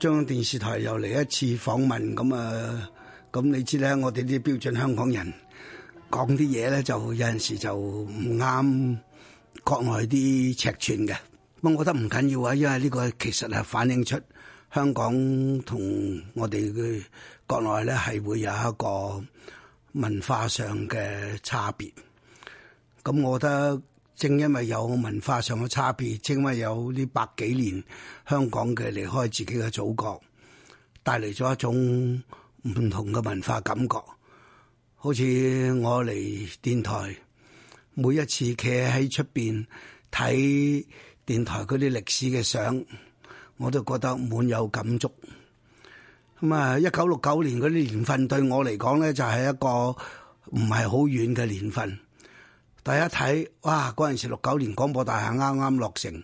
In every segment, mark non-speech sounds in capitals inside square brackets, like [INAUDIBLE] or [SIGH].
中央電視台又嚟一次訪問咁啊，咁你知咧，我哋啲標準香港人講啲嘢咧，就有陣時就唔啱國內啲尺寸嘅。不過我覺得唔緊要啊，因為呢個其實係反映出香港同我哋嘅國內咧係會有一個文化上嘅差別。咁我覺得正因為有文化上嘅差別，正因為有呢百幾年。香港嘅離開自己嘅祖國，帶嚟咗一種唔同嘅文化感覺。好似我嚟電台每一次企喺出邊睇電台嗰啲歷史嘅相，我都覺得滿有感觸。咁啊，一九六九年嗰啲年份對我嚟講咧，就係一個唔係好遠嘅年份。第一睇，哇！嗰陣時六九年廣播大廈啱啱落成。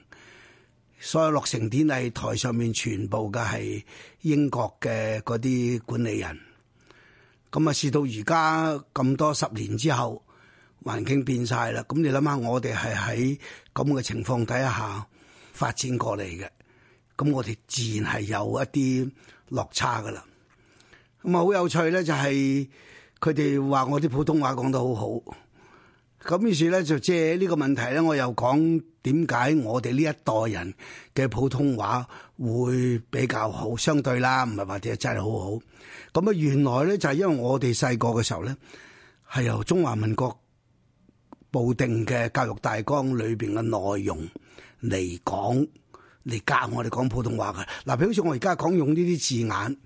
所有落成典禮，台上面全部嘅係英國嘅嗰啲管理人。咁啊，事到而家咁多十年之後，環境變晒啦。咁你諗下，我哋係喺咁嘅情況底下發展過嚟嘅，咁我哋自然係有一啲落差噶啦。咁啊，好有趣咧，就係佢哋話我啲普通話講得好好。咁於是咧，就借呢個問題咧，我又講點解我哋呢一代人嘅普通話會比較好，相對啦，唔係話啲真係好好。咁啊，原來咧就係因為我哋細個嘅時候咧，係由中華民國布定嘅教育大綱裏邊嘅內容嚟講，嚟教我哋講普通話嘅。嗱，譬如好似我而家講用呢啲字眼，咁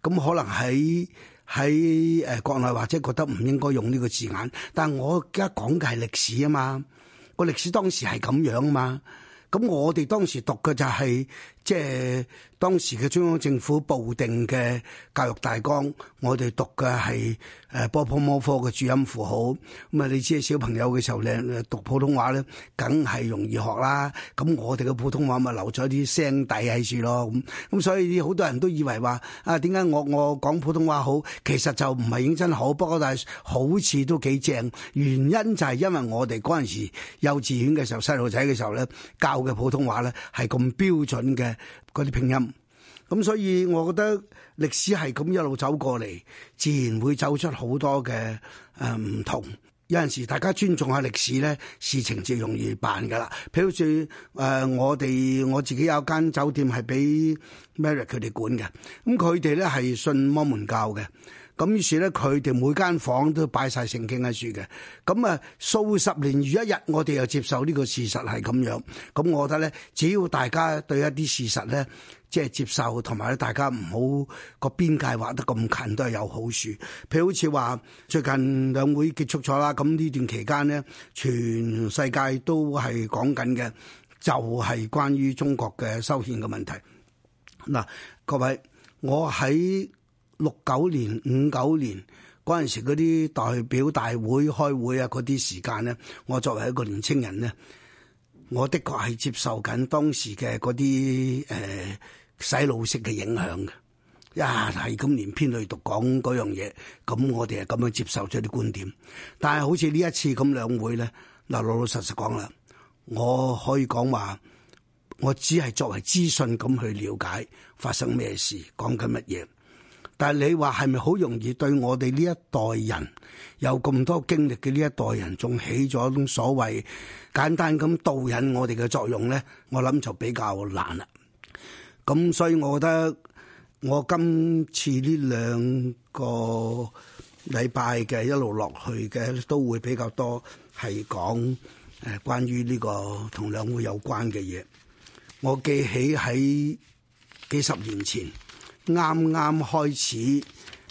可能喺～喺誒國內或者覺得唔應該用呢個字眼，但係我而家講嘅係歷史啊嘛，個歷史當時係咁樣啊嘛，咁我哋當時讀嘅就係即係。就係當時嘅中央政府布定嘅教育大綱，我哋讀嘅係誒波普摩科嘅注音符號。咁啊，你知係，小朋友嘅時候咧讀普通話咧，梗係容易學啦。咁我哋嘅普通話咪留咗啲聲底喺住咯。咁咁，所以好多人都以為話啊，點解我我講普通話好？其實就唔係認真好，不過但係好似都幾正。原因就係因為我哋嗰陣時幼稚園嘅時候，細路仔嘅時候咧教嘅普通話咧係咁標準嘅嗰啲拼音。咁所以，我覺得歷史係咁一路走過嚟，自然會走出好多嘅誒唔同。有陣時，大家尊重下歷史咧，事情就容易辦噶啦。譬如説，誒、呃、我哋我自己有一間酒店係俾 Merrick 佢哋管嘅，咁佢哋咧係信摩門教嘅。咁於是咧，佢哋每間房都擺晒聖經喺住嘅。咁啊，數十年如一日，我哋又接受呢個事實係咁樣。咁我覺得咧，只要大家對一啲事實咧，即係接受，同埋咧，大家唔好個邊界劃得咁近，都係有好處。譬如好似話，最近兩會結束咗啦，咁呢段期間咧，全世界都係講緊嘅，就係關於中國嘅修憲嘅問題。嗱，各位，我喺。六九年、五九年嗰陣時，嗰啲代表大會開會啊，嗰啲時間咧，我作為一個年青人咧，我的確係接受緊當時嘅嗰啲誒洗腦式嘅影響嘅。呀，係咁連篇去讀講嗰樣嘢，咁我哋係咁樣接受咗啲觀點。但係好似呢一次咁兩會咧，嗱，老老實實講啦，我可以講話，我只係作為資訊咁去了解發生咩事，講緊乜嘢。但係你話係咪好容易對我哋呢一代人，有咁多經歷嘅呢一代人，仲起咗一種所謂簡單咁導引我哋嘅作用咧？我諗就比較難啦。咁所以我覺得我今次呢兩個禮拜嘅一路落去嘅，都會比較多係講誒關於呢個同兩會有關嘅嘢。我記起喺幾十年前。啱啱開始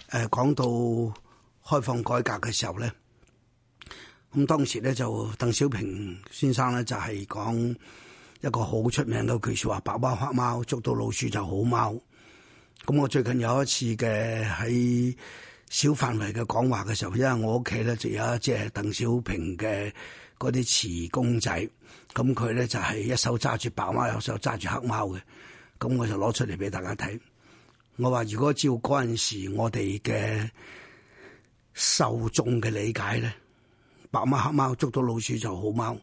誒講到開放改革嘅時候咧，咁當時咧就鄧小平先生咧就係講一個好出名嘅句説話：白貓黑貓捉到老鼠就好貓。咁我最近有一次嘅喺小範圍嘅講話嘅時候，因為我屋企咧就有一隻鄧小平嘅嗰啲瓷公仔，咁佢咧就係一手揸住白貓，有一手揸住黑貓嘅，咁我就攞出嚟俾大家睇。我話如果照嗰陣時我哋嘅受眾嘅理解咧，白貓黑貓捉到老鼠就好貓。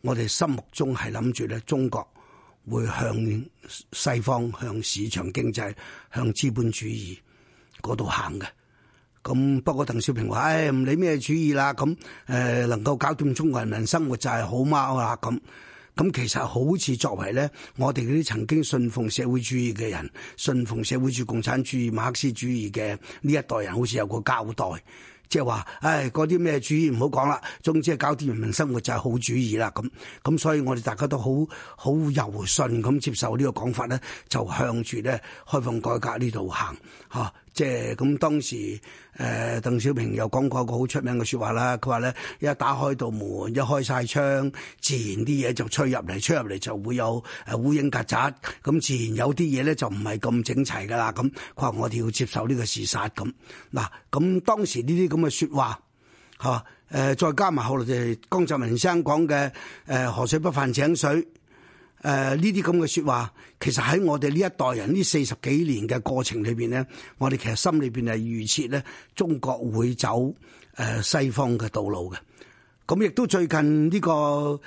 我哋心目中係諗住咧，中國會向西方向市場經濟、向資本主義嗰度行嘅。咁不過鄧小平話：唉、哎，唔理咩主義啦。咁誒，能夠搞掂中國人民生活就係好貓啦。咁。咁其實好似作為咧，我哋嗰啲曾經信奉社會主義嘅人，信奉社會主義共產主義、馬克思主義嘅呢一代人，好似有個交代，即係話，唉、哎，嗰啲咩主義唔好講啦，總之係搞啲人民生活就係好主義啦。咁咁，所以我哋大家都好好柔順咁接受個呢個講法咧，就向住咧開放改革呢度行嚇。即係咁，當時誒、呃、鄧小平又講過一個好出名嘅説話啦。佢話咧，一打開道門，一開晒窗，自然啲嘢就吹入嚟，吹入嚟就會有誒烏蠅曱甴。咁自然有啲嘢咧就唔係咁整齊噶啦。咁佢話我哋要接受呢個事實。咁嗱，咁當時呢啲咁嘅説話，嚇、啊、誒、呃，再加埋後來就係江澤民先生講嘅誒、呃，河水不犯井水。誒呢啲咁嘅説話，其實喺我哋呢一代人呢四十幾年嘅過程裏邊咧，我哋其實心裏邊係預設咧，中國會走誒、呃、西方嘅道路嘅。咁、嗯、亦都最近呢、這個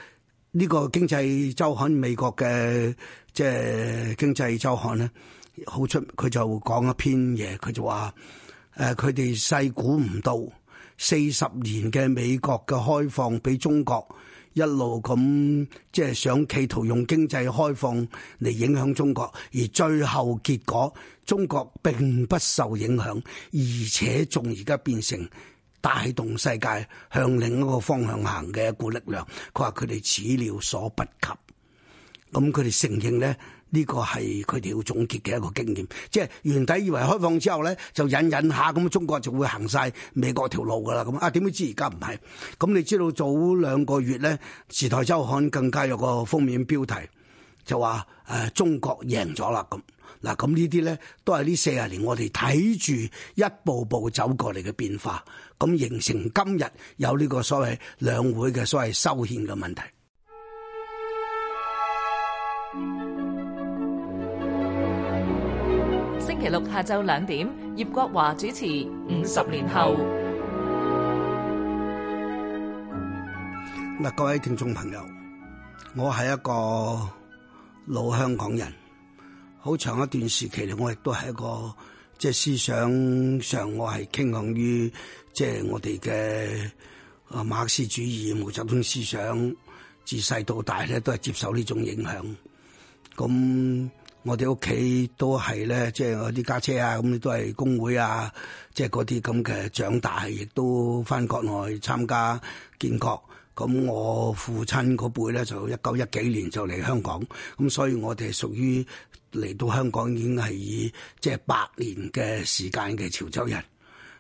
呢、這個經濟周刊美國嘅即係經濟周刊咧，好出佢就講一篇嘢，佢就話誒佢哋細估唔到四十年嘅美國嘅開放俾中國。一路咁即係想企圖用經濟開放嚟影響中國，而最後結果中國並不受影響，而且仲而家變成帶動世界向另一個方向行嘅一股力量。佢話佢哋始料所不及，咁佢哋承認咧。呢個係佢哋要總結嘅一個經驗，即係原底以為開放之後咧，就隱隱下咁，中國就會行晒美國條路噶啦。咁啊，點知而家唔係。咁、嗯、你知道早兩個月咧，《時代周刊》更加有個封面標題，就話誒、呃、中國贏咗啦。咁嗱，咁、啊、呢啲咧都係呢四十年我哋睇住一步步走過嚟嘅變化，咁、嗯、形成今日有呢個所謂兩會嘅所謂修憲嘅問題。 [MUSIC] 星期六下晝兩點，葉國華主持《五十年後》。嗱，各位聽眾朋友，我係一個老香港人，好長一段時期咧，我亦都係一個，即係思想上我係傾向於，即係我哋嘅馬克思主義、毛澤東思想，自細到大咧都係接受呢種影響，咁。我哋屋企都係咧，即係我啲家姐啊，咁都係工會啊，即係嗰啲咁嘅長大，亦都翻國內參加建國。咁我父親嗰輩咧，就一九一幾年就嚟香港，咁所以我哋係屬於嚟到香港已經係以即係百年嘅時間嘅潮州人。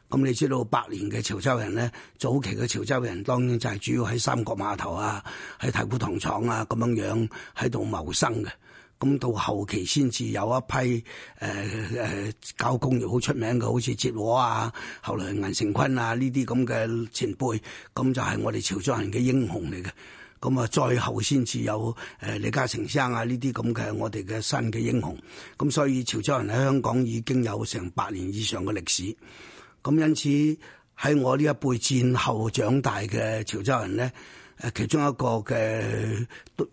咁你知道百年嘅潮州人咧，早期嘅潮州人當然就係主要喺三角碼頭啊，喺太古糖廠啊咁樣樣喺度謀生嘅。咁到後期先至有一批誒誒、呃、搞工業好出名嘅，好似捷和啊，後來顏成坤啊呢啲咁嘅前輩，咁就係我哋潮州人嘅英雄嚟嘅。咁、呃、啊，再後先至有誒李嘉誠生啊呢啲咁嘅我哋嘅新嘅英雄。咁所以潮州人喺香港已經有成百年以上嘅歷史。咁因此喺我呢一輩戰後長大嘅潮州人咧。誒，其中一個嘅，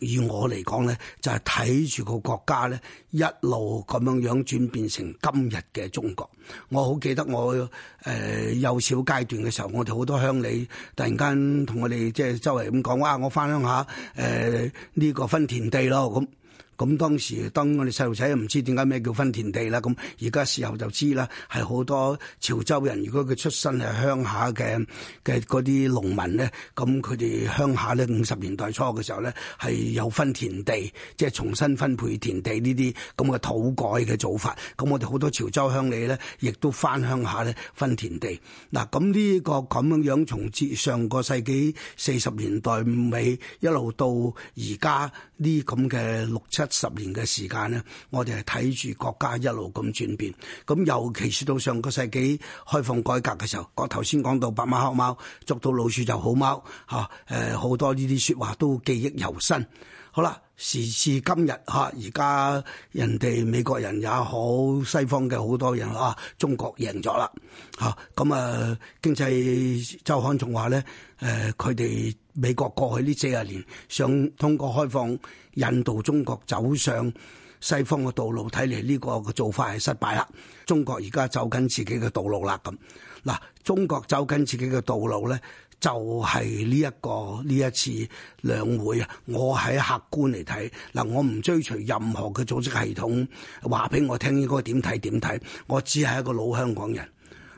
以我嚟講咧，就係睇住個國家咧，一路咁樣樣轉變成今日嘅中國。我好記得我誒幼、呃、小階段嘅時候，我哋好多鄉里突然間同我哋即係周圍咁講，哇、啊！我翻鄉下誒呢、呃這個分田地咯咁。嗯咁當時當我哋細路仔唔知點解咩叫分田地啦，咁而家時候就知啦，係好多潮州人，如果佢出身係鄉下嘅嘅啲農民咧，咁佢哋鄉下咧五十年代初嘅時候咧係有分田地，即係重新分配田地呢啲咁嘅土改嘅做法。咁我哋好多潮州鄉里咧，亦都返鄉下咧分田地。嗱、這個，咁呢個咁樣樣從上個世紀四十年代尾一路到而家呢咁嘅六七十年嘅時間咧，我哋係睇住國家一路咁轉變，咁尤其是到上個世紀開放改革嘅時候，我頭先講到白貓黑貓捉到老鼠就好貓，吓，誒，好多呢啲說話都記憶猶新。好啦。時至今日嚇，而家人哋美國人也好，西方嘅好多人嚇、啊，中國贏咗啦嚇。咁啊，啊，經濟周刊仲話咧，誒佢哋美國過去呢四十年，想通過開放引導中國走上西方嘅道路，睇嚟呢個嘅做法係失敗啦。中國而家走緊自己嘅道路啦，咁、啊、嗱，中國走緊自己嘅道路咧。就係呢一個呢一次兩會啊！我喺客觀嚟睇，嗱，我唔追隨任何嘅組織系統話俾我聽應該點睇點睇，我只係一個老香港人，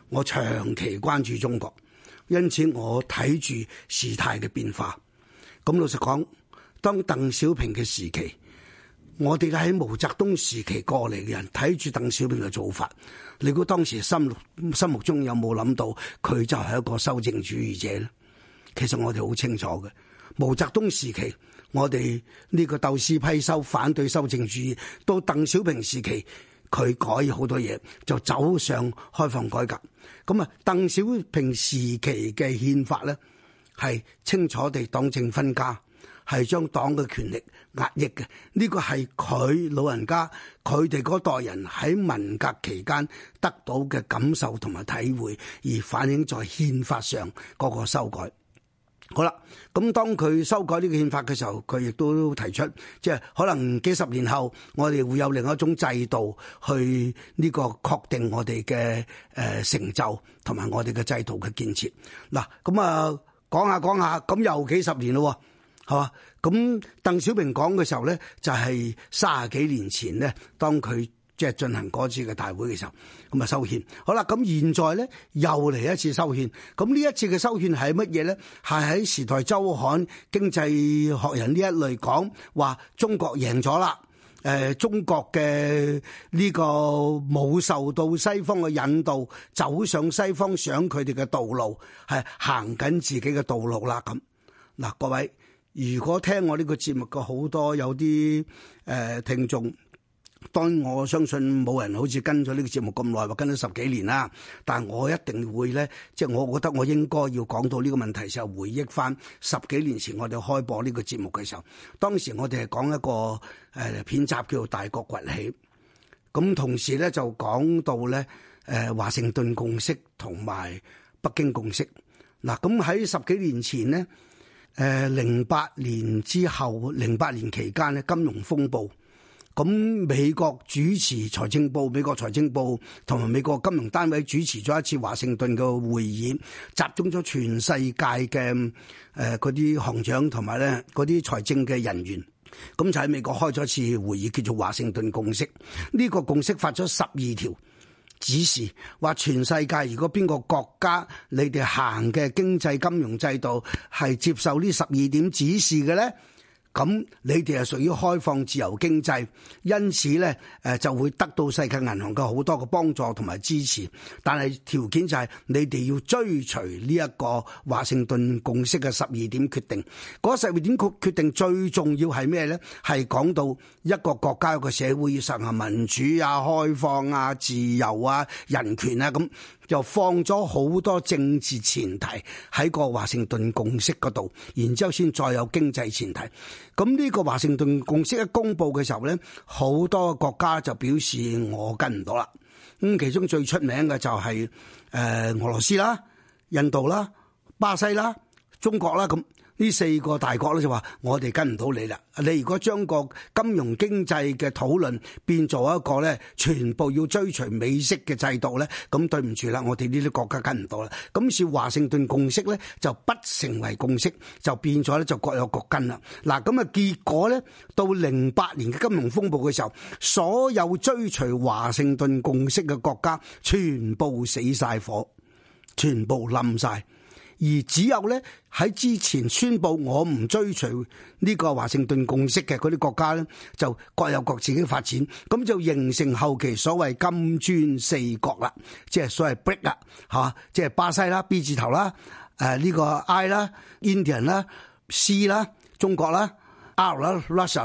我長期關注中國，因此我睇住事態嘅變化。咁老實講，當鄧小平嘅時期。我哋喺毛澤東時期過嚟嘅人睇住鄧小平嘅做法，你估當時心心目中有冇諗到佢就係一個修正主義者咧？其實我哋好清楚嘅，毛澤東時期我哋呢個鬥私批修反對修正主義，到鄧小平時期佢改好多嘢，就走上開放改革。咁啊，鄧小平時期嘅憲法咧係清楚地黨政分家。係將黨嘅權力壓抑嘅呢個係佢老人家佢哋嗰代人喺文革期間得到嘅感受同埋體會而反映在憲法上嗰個修改好啦。咁當佢修改呢個憲法嘅時候，佢亦都提出，即係可能幾十年後我哋會有另一種制度去呢個確定我哋嘅誒成就同埋我哋嘅制度嘅建設嗱。咁啊，講下講下，咁又幾十年咯。係嘛？咁鄧小平講嘅時候咧，就係三十幾年前呢，當佢即係進行嗰次嘅大會嘅時候，咁啊修憲。好啦，咁現在咧又嚟一次修憲。咁呢一次嘅修憲係乜嘢咧？係喺時代週刊、經濟學人呢一類講，話中國贏咗啦。誒、呃，中國嘅呢、這個冇受到西方嘅引導，走上西方想佢哋嘅道路，係行緊自己嘅道路啦。咁嗱、呃，各位。如果聽我呢個節目嘅好多有啲誒聽眾，當我相信冇人好似跟咗呢個節目咁耐或跟咗十幾年啦，但我一定會咧，即係我覺得我應該要講到呢個問題時候，回憶翻十幾年前我哋開播呢個節目嘅時候，當時我哋係講一個誒片集叫做《大國崛起》，咁同時咧就講到咧誒華盛頓共識同埋北京共識嗱，咁喺十幾年前呢。誒，零八年之後，零八年期間咧，金融風暴，咁美國主持財政部，美國財政部同埋美國金融單位主持咗一次華盛頓嘅會議，集中咗全世界嘅誒嗰啲行長同埋咧嗰啲財政嘅人員，咁就喺美國開咗一次會議，叫做華盛頓共識。呢個共識發咗十二條。指示，話全世界如果邊個國家你哋行嘅經濟金融制度係接受呢十二點指示嘅咧？咁你哋係屬於開放自由經濟，因此咧，誒就會得到世界銀行嘅好多嘅幫助同埋支持。但係條件就係你哋要追隨呢一個華盛頓共識嘅十二點決定。嗰十二點決決定最重要係咩咧？係講到一個國家一個社會要實行民主啊、開放啊、自由啊、人權啊咁。就放咗好多政治前提喺個華盛頓共識嗰度，然之後先再有經濟前提。咁呢個華盛頓共識一公布嘅時候咧，好多國家就表示我跟唔到啦。咁其中最出名嘅就係、是、誒、呃、俄羅斯啦、印度啦、巴西啦、中國啦咁。呢四個大國咧就話我哋跟唔到你啦，你如果將個金融經濟嘅討論變做一個咧，全部要追隨美式嘅制度咧，咁對唔住啦，我哋呢啲國家跟唔到啦。咁所以華盛頓共識咧就不成為共識，就變咗咧就各有各跟啦。嗱、啊，咁啊結果咧到零八年嘅金融風暴嘅時候，所有追隨華盛頓共識嘅國家全部死晒火，全部冧晒。而只有咧喺之前宣布我唔追隨呢個華盛頓共識嘅嗰啲國家咧，就各有各自己發展，咁就形成後期所謂金磚四國啦，即係所謂 BRIC 啦，嚇，即係巴西啦、B 字頭啦、誒、啊、呢、呢個 I 啦、Indian 啦、C 啦、中國啦。啦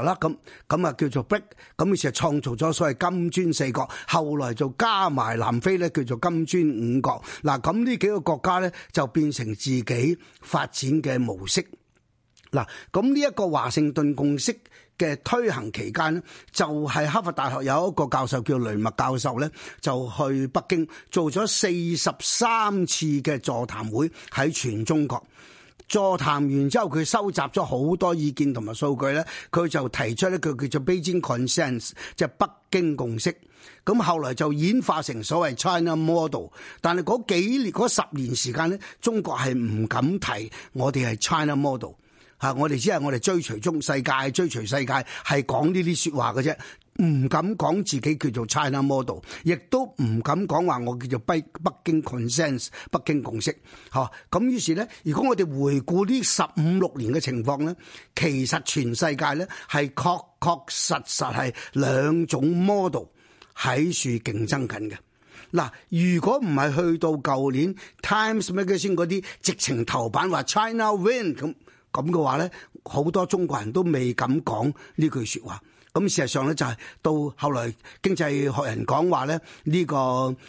啦咁咁，啊叫做逼，咁於是創造咗所謂金磚四國，後來就加埋南非咧，叫做金磚五國。嗱，咁呢幾個國家咧，就變成自己發展嘅模式。嗱，咁呢一個華盛頓共識嘅推行期間咧，就係哈佛大學有一個教授叫雷默教授咧，就去北京做咗四十三次嘅座談會喺全中國。座談完之後，佢收集咗好多意見同埋數據咧，佢就提出咧，佢叫做 Beijing Consensus，即係北京共識。咁後來就演化成所謂 China Model。但係嗰幾年、嗰十年時間咧，中國係唔敢提我哋係 China Model。吓，我哋只係我哋追隨中世界、追隨世界，係講呢啲說話嘅啫。唔敢講自己叫做 China model，亦都唔敢講話我叫做北北京 consensus 北京共識，嚇、啊、咁。於是咧，如果我哋回顧呢十五六年嘅情況咧，其實全世界咧係確確實實係兩種 model 喺處競爭緊嘅。嗱、啊，如果唔係去到舊年 [MUSIC] Times Magazine 嗰啲直情頭版 Ch win, 話 China win 咁咁嘅話咧，好多中國人都未敢講呢句説話。咁事實上咧，就係到後來經濟學人講話咧，呢個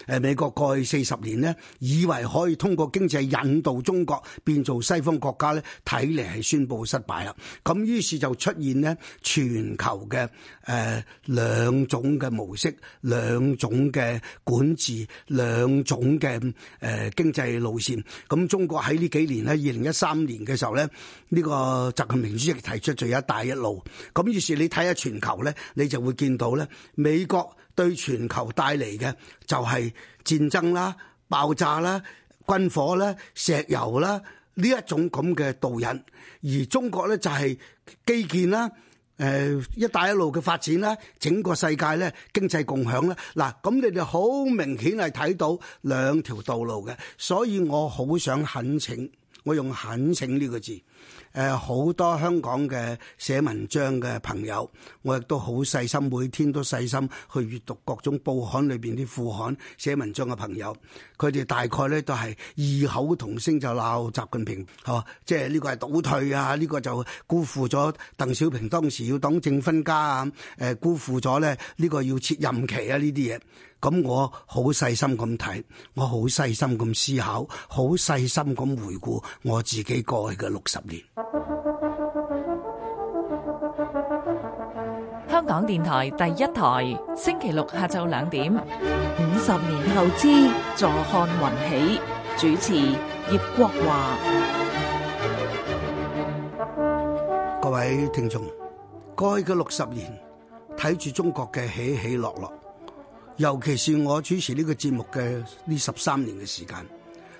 誒美國過去四十年咧，以為可以通過經濟引導中國變做西方國家咧，睇嚟係宣布失敗啦。咁於是就出現咧全球嘅誒兩種嘅模式、兩種嘅管治、兩種嘅誒經濟路線。咁中國喺呢幾年咧，二零一三年嘅時候咧，呢個習近平主席提出就有一帶一路。咁於是你睇下全球。咧，你就會見到咧，美國對全球帶嚟嘅就係戰爭啦、爆炸啦、軍火啦、石油啦，呢一種咁嘅導引，而中國咧就係基建啦、誒一帶一路嘅發展啦，整個世界咧經濟共享啦。嗱，咁你哋好明顯係睇到兩條道路嘅，所以我好想懇請，我用懇請呢個字。誒好多香港嘅寫文章嘅朋友，我亦都好細心，每天都細心去閲讀各種報刊裏邊啲副刊寫文章嘅朋友，佢哋大概咧都係異口同聲就鬧習近平，嚇，即係呢個係倒退啊，呢個就辜負咗鄧小平當時要黨政分家啊，誒辜負咗咧呢個要設任期啊呢啲嘢。咁我好細心咁睇，我好細心咁思考，好細心咁回顧我自己過去嘅六十年。香港電台第一台，星期六下晝兩點，五十年後知坐看雲起，主持葉國華。各位聽眾，過去嘅六十年，睇住中國嘅起起落落。尤其是我主持呢個節目嘅呢十三年嘅時間，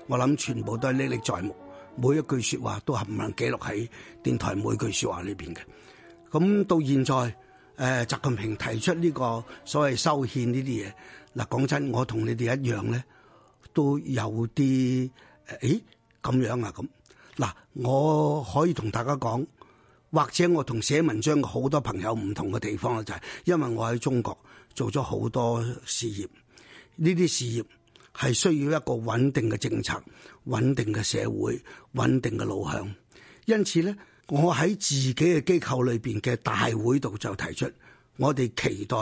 我諗全部都係歷歷在目，每一句說話都係唔能記錄喺電台每句說話裏邊嘅。咁到現在，誒、呃，習近平提出呢個所謂修憲呢啲嘢，嗱講真，我同你哋一樣咧，都有啲誒，咁樣啊，咁嗱，我可以同大家講。或者我同寫文章嘅好多朋友唔同嘅地方咧，就係因為我喺中國做咗好多事業，呢啲事業係需要一個穩定嘅政策、穩定嘅社會、穩定嘅路向。因此咧，我喺自己嘅機構裏邊嘅大會度就提出，我哋期待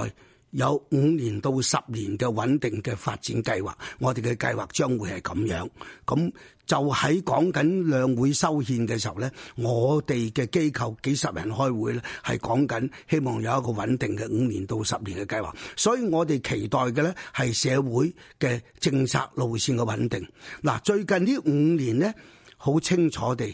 有五年到十年嘅穩定嘅發展計劃，我哋嘅計劃將會係咁樣。咁就喺講緊兩會修憲嘅時候呢，我哋嘅機構幾十人開會呢，係講緊希望有一個穩定嘅五年到十年嘅計劃，所以我哋期待嘅呢係社會嘅政策路線嘅穩定。嗱，最近呢五年呢，好清楚地。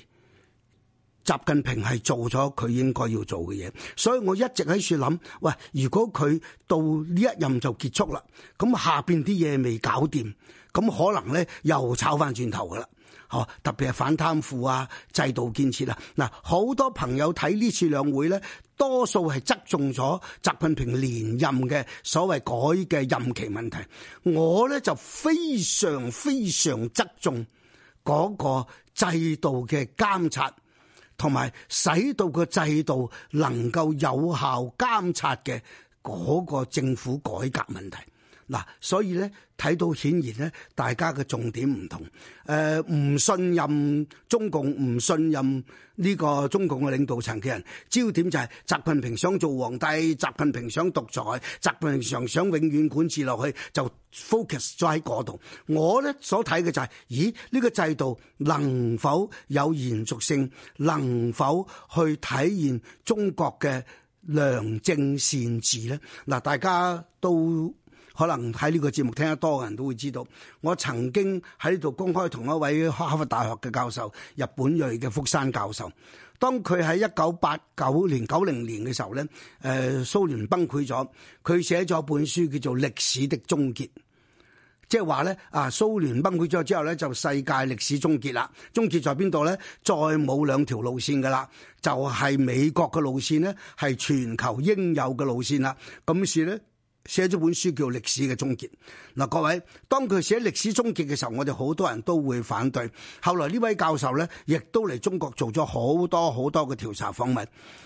習近平係做咗佢應該要做嘅嘢，所以我一直喺處諗：「喂，如果佢到呢一任就結束啦，咁下邊啲嘢未搞掂，咁可能咧又炒翻轉頭噶啦。哦，特別係反貪腐啊，制度建設啊，嗱，好多朋友睇呢次兩會咧，多數係側重咗習近平連任嘅所謂改嘅任期問題。我咧就非常非常側重嗰個制度嘅監察。同埋，使到個制度能夠有效監察嘅嗰個政府改革問題。嗱，所以咧睇到顯然咧，大家嘅重點唔同。誒、呃，唔信任中共，唔信任呢個中共嘅領導層嘅人，焦點就係習近平想做皇帝，習近平想獨裁，習近平想，想永遠管治落去，就 focus 咗喺嗰度。我咧所睇嘅就係、是，咦？呢、這個制度能否有延續性？能否去體現中國嘅良政善治咧？嗱，大家都。可能喺呢個節目聽得多嘅人都會知道，我曾經喺呢度公開同一位哈佛大學嘅教授、日本裔嘅福山教授，當佢喺一九八九年、九零年嘅時候咧，誒、呃、蘇聯崩潰咗，佢寫咗本書叫做《歷史的終結》，即係話咧啊，蘇聯崩潰咗之後咧，就世界歷史終結啦，終結在邊度咧？再冇兩條路線噶啦，就係、是、美國嘅路線呢係全球應有嘅路線啦。咁是咧。寫咗本書叫《歷史嘅終結》嗱，各位當佢寫歷史終結嘅時候，我哋好多人都會反對。後來呢位教授咧，亦都嚟中國做咗好多好多嘅調查訪問，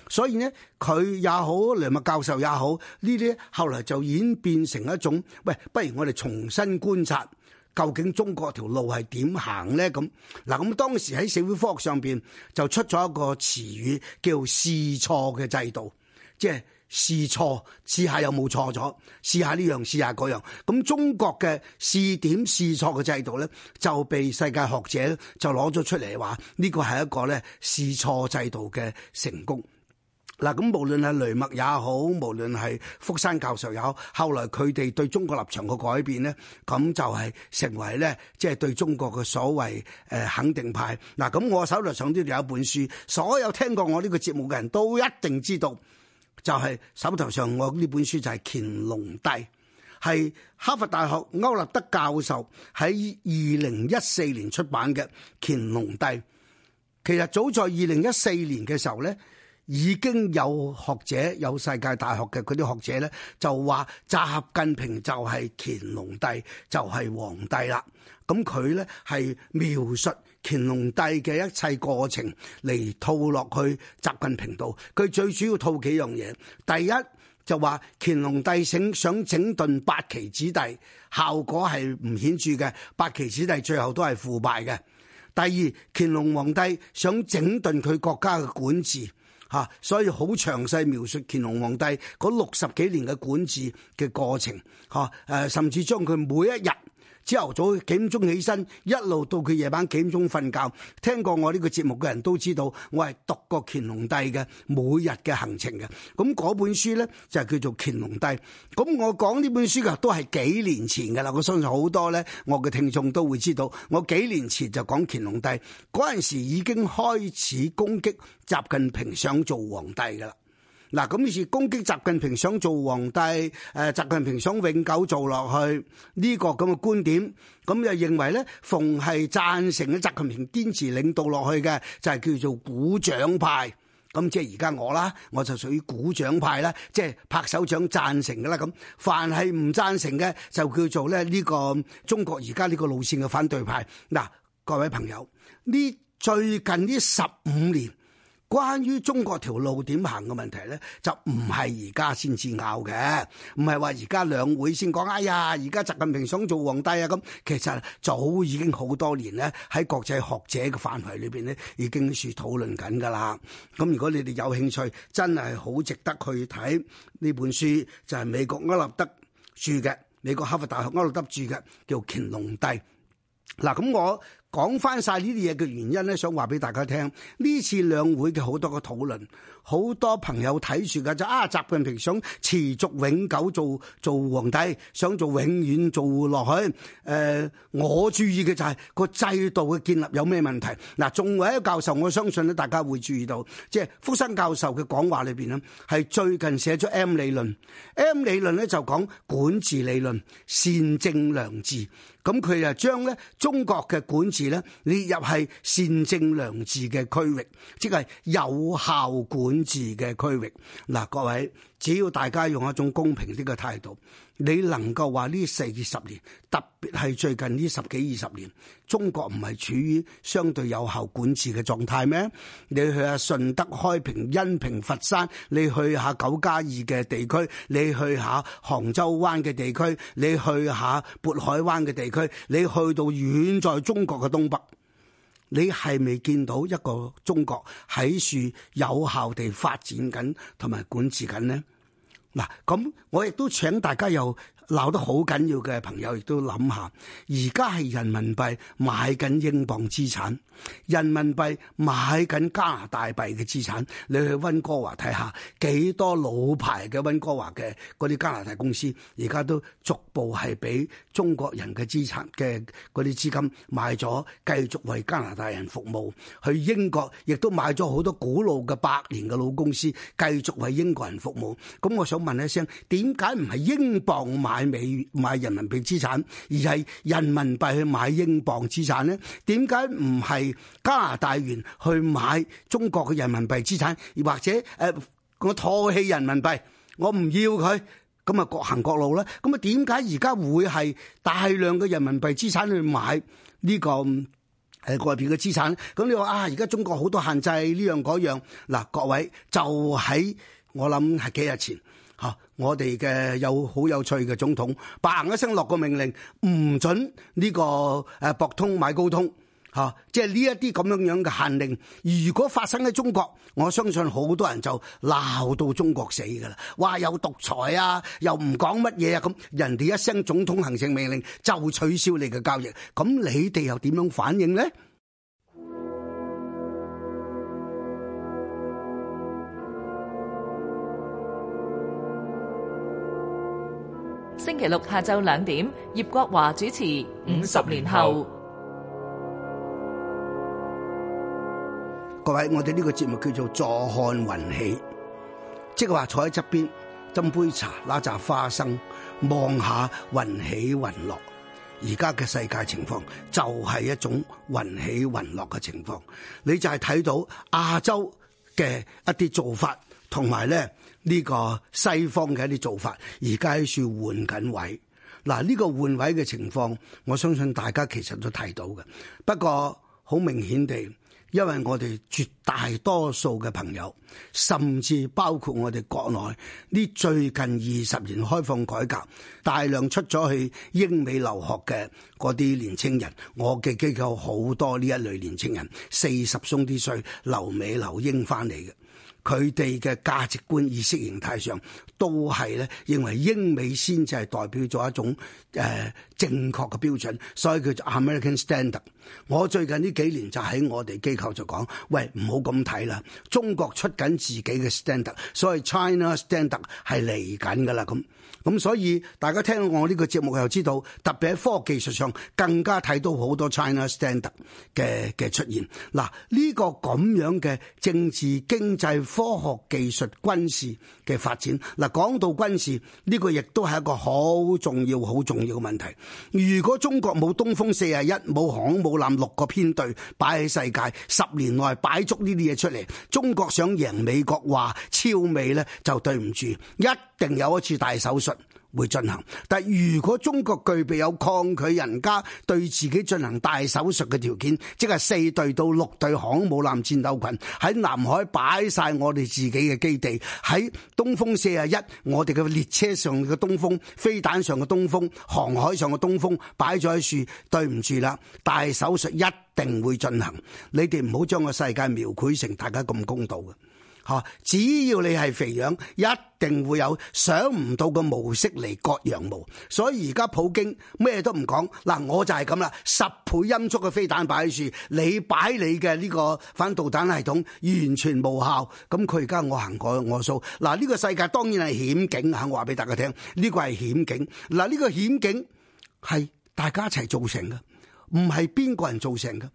所以呢，佢也好梁麥教授也好，呢啲後來就演變成一種喂，不如我哋重新觀察究竟中國條路係點行咧？咁嗱，咁當時喺社會科學上邊就出咗一個詞語叫試錯嘅制度，即係。試錯，試下有冇錯咗，試下呢樣，試下嗰樣。咁中國嘅試點試錯嘅制度咧，就被世界學者就攞咗出嚟話，呢個係一個咧試錯制度嘅成功。嗱，咁無論係雷默也好，無論係福山教授也好，後來佢哋對中國立場嘅改變咧，咁就係成為咧即係對中國嘅所謂誒肯定派。嗱，咁我手頭上都有一本書，所有聽過我呢個節目嘅人都一定知道。就係手頭上我呢本書就係《乾隆帝》，係哈佛大學歐立德教授喺二零一四年出版嘅《乾隆帝》。其實早在二零一四年嘅時候咧，已經有學者有世界大學嘅嗰啲學者咧，就話習近平就係乾隆帝，就係皇帝啦。咁佢咧係描述乾隆帝嘅一切過程嚟，套落去習近平度，佢最主要套幾樣嘢。第一就話乾隆帝醒想整頓八旗子弟，效果係唔顯著嘅，八旗子弟最後都係腐敗嘅。第二，乾隆皇帝想整頓佢國家嘅管治，吓，所以好詳細描述乾隆皇帝嗰六十幾年嘅管治嘅過程，吓，誒，甚至將佢每一日。朝頭早幾點鐘起身，一路到佢夜晚幾點鐘瞓覺。聽過我呢個節目嘅人都知道，我係讀過《乾隆帝》嘅每日嘅行程嘅。咁嗰本書呢，就叫做《乾隆帝》。咁我講呢本書嘅都係幾年前噶啦，我相信好多呢，我嘅聽眾都會知道。我幾年前就講《乾隆帝》，嗰陣時已經開始攻擊習近平想做皇帝噶啦。嗱，咁於是攻擊習近平想做皇帝，誒，習近平想永久做落去呢個咁嘅觀點，咁就認為咧，逢係贊成咧，習近平堅持領導落去嘅，就係叫做鼓掌派。咁即係而家我啦，我就屬於鼓掌派啦，即係拍手掌贊成嘅啦。咁，凡係唔贊成嘅，就叫做咧呢個中國而家呢個路線嘅反對派。嗱，各位朋友，呢最近呢十五年。關於中國條路點行嘅問題咧，就唔係而家先至拗嘅，唔係話而家兩會先講。哎呀，而家習近平想做皇帝啊！咁其實早已經好多年咧，喺國際學者嘅範圍裏邊咧，已經是討論緊噶啦。咁如果你哋有興趣，真係好值得去睇呢本書，就係、是、美國歐立德著嘅，美國哈佛大學歐立德著嘅，叫《乾隆帝》。嗱，咁我。講翻晒呢啲嘢嘅原因咧，想話俾大家聽，呢次兩會嘅好多嘅討論。。好多朋友睇住嘅就啊，習近平想持續永久做做皇帝，想做永遠做落去。誒、呃，我注意嘅就係個制度嘅建立有咩問題。嗱，仲有一個教授，我相信咧，大家會注意到，即、就、係、是、福山教授嘅講話裏邊咧，係最近寫咗 M 理論。M 理論咧就講管治理論、善政良治。咁佢就將咧中國嘅管治咧列入係善政良治嘅區域，即係有效管。管治嘅區域，嗱，各位，只要大家用一種公平呢個態度，你能夠話呢四十年，特別係最近呢十幾二十年，中國唔係處於相對有效管治嘅狀態咩？你去下順德、開平、恩平、佛山，你去下九加二嘅地區，你去下杭州灣嘅地區，你去下渤海灣嘅地區，你去到遠在中國嘅東北。你係未見到一個中國喺度有效地發展緊同埋管治緊呢，嗱，咁我亦都請大家又。鬧得好緊要嘅朋友，亦都諗下，而家係人民幣買緊英鎊資產，人民幣買緊加拿大幣嘅資產。你去温哥華睇下，幾多老牌嘅温哥華嘅嗰啲加拿大公司，而家都逐步係俾中國人嘅資產嘅嗰啲資金買咗，繼續為加拿大人服務。去英國亦都買咗好多古老嘅百年嘅老公司，繼續為英國人服務。咁我想問一聲，點解唔係英鎊買？買美買人民幣資產，而係人民幣去買英鎊資產咧？點解唔係加拿大元去買中國嘅人民幣資產，或者誒、呃，我唾棄人民幣，我唔要佢，咁啊，各行各路啦？咁啊，點解而家會係大量嘅人民幣資產去買呢、這個誒外邊嘅資產？咁你話啊，而家中國好多限制呢樣嗰樣嗱，各位就喺我諗係幾日前。啊、我哋嘅有好有趣嘅總統白 a、呃、一聲落個命令，唔准呢、呢個誒、呃、博通買高通，嚇、啊，即係呢一啲咁樣樣嘅限令。如果發生喺中國，我相信好多人就鬧到中國死㗎啦，話有獨裁啊，又唔講乜嘢啊，咁人哋一聲總統行政命令就取消你嘅交易，咁你哋又點樣反應咧？星期六下晝兩點，葉國華主持。五十年後，各位，我哋呢個節目叫做坐看雲起，即係話坐喺側邊斟杯茶，攞紮花生，望下雲起雲落。而家嘅世界情況就係一種雲起雲落嘅情況，你就係睇到亞洲嘅一啲做法。同埋咧，呢個西方嘅一啲做法，而家喺處換緊位。嗱，呢個換位嘅情況，我相信大家其實都睇到嘅。不過好明顯地，因為我哋絕大多數嘅朋友，甚至包括我哋國內呢最近二十年開放改革，大量出咗去英美留學嘅嗰啲年青人，我嘅機構好多呢一類年青人，四十鬆啲歲留美留英翻嚟嘅。佢哋嘅價值觀意識形態上，都係咧認為英美先至係代表咗一種誒。呃正確嘅標準，所以叫做 American standard。我最近呢幾年就喺我哋機構就講，喂唔好咁睇啦，中國出緊自己嘅 standard，所以 China standard 係嚟緊噶啦咁。咁所以大家聽到我呢個節目又知道，特別喺科技術上更加睇到好多 China standard 嘅嘅出現。嗱，呢個咁樣嘅政治、經濟、科學、技術、軍事嘅發展，嗱講到軍事呢個亦都係一個好重要、好重要嘅問題。如果中國冇東風四十一、冇航母艦六個編隊擺喺世界，十年內擺足呢啲嘢出嚟，中國想贏美國話超美呢，就對唔住，一定有一次大手術。會進行，但如果中國具備有抗拒人家對自己進行大手術嘅條件，即係四隊到六隊航母艦戰鬥群喺南海擺晒我哋自己嘅基地，喺東風四十一，我哋嘅列車上嘅東風、飛彈上嘅東風、航海上嘅東風擺咗喺樹，對唔住啦，大手術一定會進行。你哋唔好將個世界描繪成大家咁公道嘅。吓！只要你係肥羊，一定會有想唔到嘅模式嚟割羊毛。所以而家普京咩都唔講，嗱，我就係咁啦，十倍音速嘅飛彈擺喺樹，你擺你嘅呢個反導彈系統完全無效。咁佢而家我行過我數，我數，嗱，呢個世界當然係險境，我話俾大家聽，呢、呢個係險境。嗱、這、呢個險境係大家一齊造成嘅，唔係邊個人造成嘅。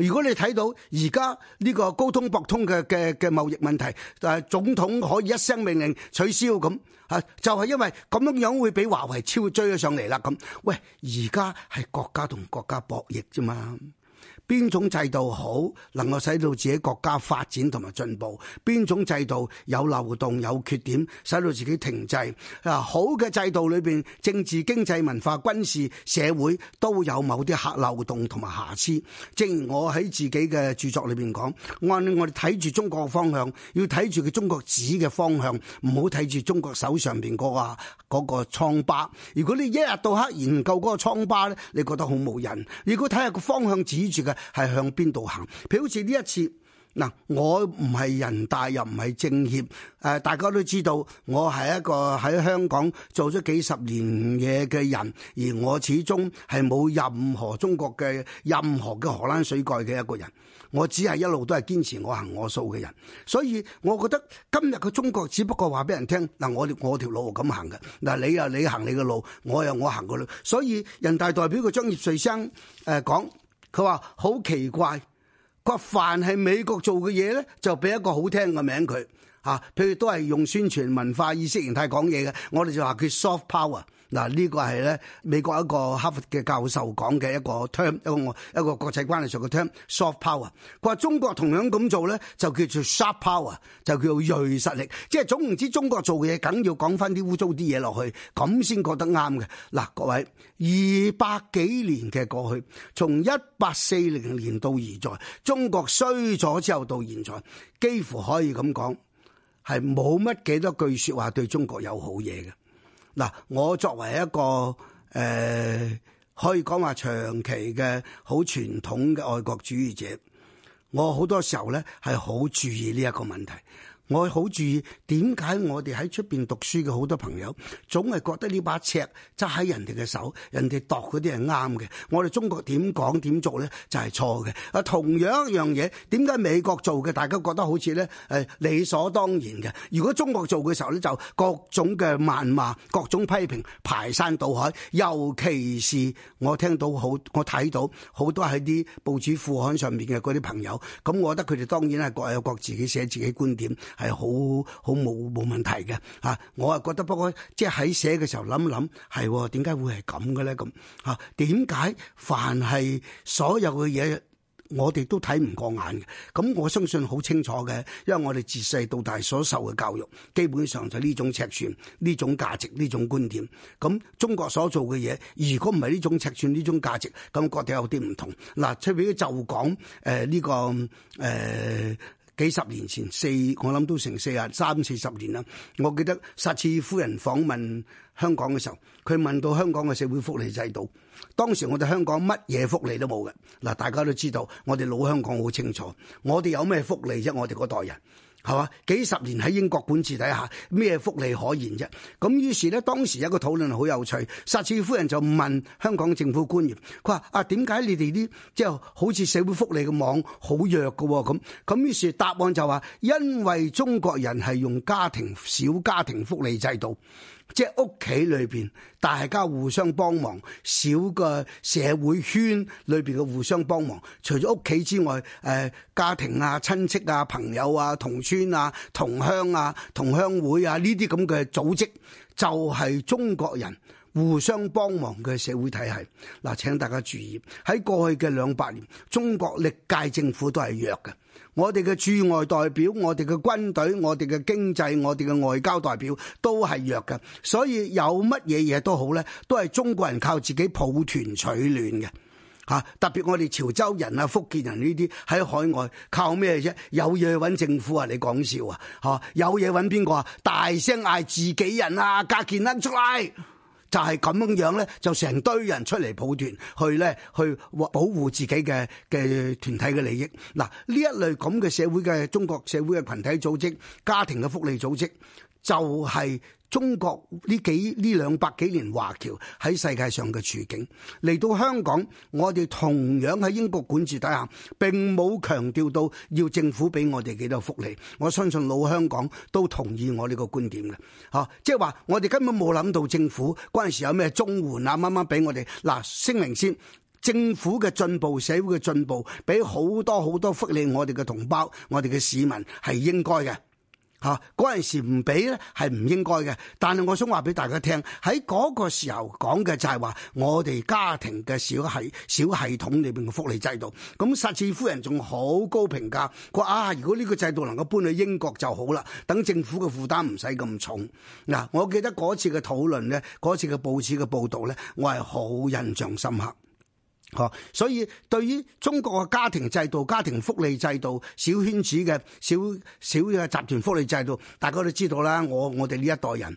如果你睇到而家呢個高通博通嘅嘅嘅貿易問題，誒總統可以一聲命令取消咁，啊，就係、是、因為咁樣樣會俾華為超追咗上嚟啦咁。喂，而家係國家同國家博弈啫嘛。邊種制度好能夠使到自己國家發展同埋進步？邊種制度有漏洞有缺點，使到自己停滯？啊，好嘅制度裏邊，政治、經濟、文化、軍事、社會都有某啲黑漏洞同埋瑕疵。正如我喺自己嘅著作裏邊講，按我哋睇住中國嘅方向，要睇住佢中國指嘅方向，唔好睇住中國手上邊嗰個嗰個瘡疤。如果你一日到黑研究嗰個瘡疤咧，你覺得好無癮；如果睇下個方向指住嘅，係向邊度行？譬如好似呢一次，嗱，我唔係人大，又唔係政協，誒、呃，大家都知道，我係一個喺香港做咗幾十年嘢嘅人，而我始終係冇任何中國嘅、任何嘅荷蘭水蓋嘅一個人。我只係一路都係堅持我行我素嘅人，所以我覺得今日嘅中國只不過話俾人聽，嗱、呃，我條我條路咁行嘅，嗱、呃，你又你行你嘅路，我又我行個路，所以人大代表嘅張業遂先生誒、呃、講。佢話好奇怪，個凡係美國做嘅嘢咧，就俾一個好聽嘅名佢嚇，譬如都係用宣傳文化意識形態講嘢嘅，我哋就話佢 soft power。嗱，個呢個係咧美國一個哈佛嘅教授講嘅一個 term，一個我一個國際關係上嘅 term，soft power。佢話中國同樣咁做咧，就叫做 sharp power，就叫做銳實力。即係總唔知中國做嘢，梗要講翻啲污糟啲嘢落去，咁先覺得啱嘅。嗱，各位二百幾年嘅過去，從一八四零年到而家，中國衰咗之後到現在，幾乎可以咁講，係冇乜幾多句說話對中國有好嘢嘅。嗱，我作為一個誒、呃，可以講話長期嘅好傳統嘅愛國主義者，我好多時候咧係好注意呢一個問題。我好注意點解我哋喺出邊讀書嘅好多朋友，總係覺得呢把尺揸喺人哋嘅手，人哋度嗰啲係啱嘅。我哋中國點講點做呢，就係錯嘅。啊，同樣一樣嘢，點解美國做嘅大家覺得好似呢，誒理所當然嘅？如果中國做嘅時候呢，就各種嘅謾罵、各種批評排山倒海。尤其是我聽到好，我睇到好多喺啲報紙副刊上面嘅嗰啲朋友，咁我覺得佢哋當然係各有各自己寫自己觀點。係好好冇冇問題嘅吓、啊，我啊覺得，不過即係喺寫嘅時候諗一諗，係點解會係咁嘅咧？咁吓，點解凡係所有嘅嘢，我哋都睇唔過眼嘅？咁我相信好清楚嘅，因為我哋自細到大所受嘅教育，基本上就呢種尺寸、呢種價值、呢種觀點。咁中國所做嘅嘢，如果唔係呢種尺寸、呢種價值，咁覺得有啲唔同。嗱、啊，出面就講誒呢個誒。呃幾十年前，四，我諗都成四廿三四十年啦。我記得撒切夫人訪問香港嘅時候，佢問到香港嘅社會福利制度。當時我哋香港乜嘢福利都冇嘅。嗱，大家都知道，我哋老香港好清楚，我哋有咩福利啫？我哋嗰代人。係嘛？幾十年喺英國管治底下，咩福利可言啫？咁於是咧，當時一個討論好有趣，撒切爾夫人就問香港政府官員，佢話：啊，點解你哋啲即係好似社會福利嘅網好弱嘅？咁咁於是答案就話：因為中國人係用家庭小家庭福利制度。即係屋企裏邊，大家互相幫忙；小嘅社會圈裏邊嘅互相幫忙。除咗屋企之外，誒，家庭啊、親戚啊、朋友啊、同村啊、同鄉啊、同鄉會啊，呢啲咁嘅組織，就係中國人互相幫忙嘅社會體系。嗱，請大家注意喺過去嘅兩百年，中國歷屆政府都係弱嘅。我哋嘅駐外代表、我哋嘅軍隊、我哋嘅經濟、我哋嘅外交代表都係弱㗎，所以有乜嘢嘢都好咧，都係中國人靠自己抱團取暖嘅嚇。特別我哋潮州人啊、福建人呢啲喺海外靠咩啫？有嘢揾政府啊？你講笑啊？嚇！有嘢揾邊個啊？大聲嗌自己人啊！隔健恩出嚟！就係咁樣樣咧，就成堆人出嚟抱團，去咧去保護自己嘅嘅團體嘅利益。嗱，呢一類咁嘅社會嘅中國社會嘅群體組織、家庭嘅福利組織。就係中國呢幾呢兩百幾年華僑喺世界上嘅處境，嚟到香港，我哋同樣喺英國管治底下，並冇強調到要政府俾我哋幾多福利。我相信老香港都同意我呢個觀點嘅，嚇，即係話我哋根本冇諗到政府嗰陣時有咩綜援啊，乜乜俾我哋。嗱，聲明先，政府嘅進步，社會嘅進步，俾好多好多福利我哋嘅同胞，我哋嘅市民係應該嘅。吓，嗰陣、啊、時唔俾咧，係唔應該嘅。但係我想話俾大家聽，喺嗰個時候講嘅就係話，我哋家庭嘅小系小系統裏邊嘅福利制度。咁撒切爾夫人仲好高評價，話啊，如果呢個制度能夠搬去英國就好啦，等政府嘅負擔唔使咁重。嗱、啊，我記得嗰次嘅討論咧，嗰次嘅報紙嘅報道呢，我係好印象深刻。哦，所以對於中國嘅家庭制度、家庭福利制度、小圈子嘅小小嘅集團福利制度，大家都知道啦。我我哋呢一代人，誒、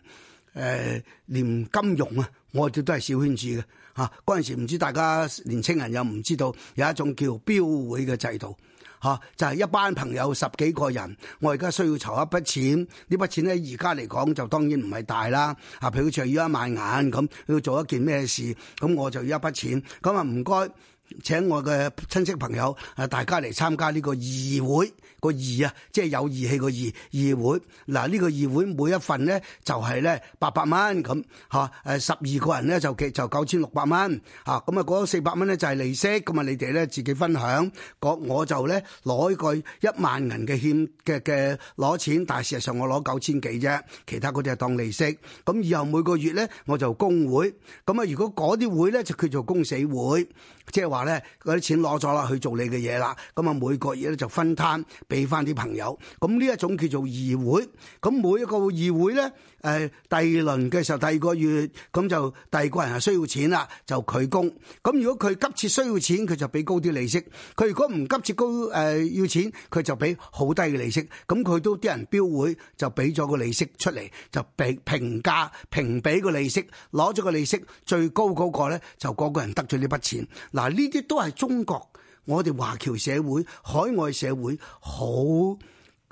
呃、連金融啊，我哋都係小圈子嘅吓。嗰、啊、陣時唔知大家年青人又唔知道有一種叫標會嘅制度。嚇，就係一班朋友十幾個人，我而家需要籌一筆錢。呢筆錢咧，而家嚟講就當然唔係大啦。嚇，譬如好似要一萬銀咁，要做一件咩事，咁我就要一筆錢。咁啊，唔該請我嘅親戚朋友啊，大家嚟參加呢個議會。個義啊，即係有義氣個義義會，嗱呢個義會每一份呢，就係呢八百蚊咁吓，誒十二個人呢，就就九千六百蚊吓，咁啊嗰四百蚊呢，就係利息，咁啊你哋呢，自己分享，我我就呢，攞個一萬銀嘅欠嘅嘅攞錢，但係事實上我攞九千幾啫，其他嗰啲係當利息，咁以後每個月呢，我就公會，咁啊如果嗰啲會呢，就叫做公死會。即係話咧，嗰啲錢攞咗啦，去做你嘅嘢啦。咁啊，每個月咧就分攤俾翻啲朋友。咁呢一種叫做議會。咁每一個議會咧，誒，第二輪嘅時候，第二個月，咁就第二個人係需要錢啦，就舉公。咁如果佢急切需要錢，佢就俾高啲利息；佢如果唔急切高誒要錢，佢就俾好低嘅利息。咁佢都啲人標會就俾咗個利息出嚟，就評價評比個利息，攞咗個利息最高嗰個咧，就嗰個人得咗呢筆錢。嗱，呢啲都係中國，我哋華僑社會、海外社會好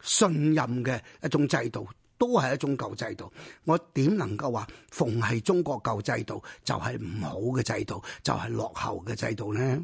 信任嘅一種制度，都係一種舊制度。我點能夠話逢係中國舊制度就係唔好嘅制度，就係落後嘅制度咧？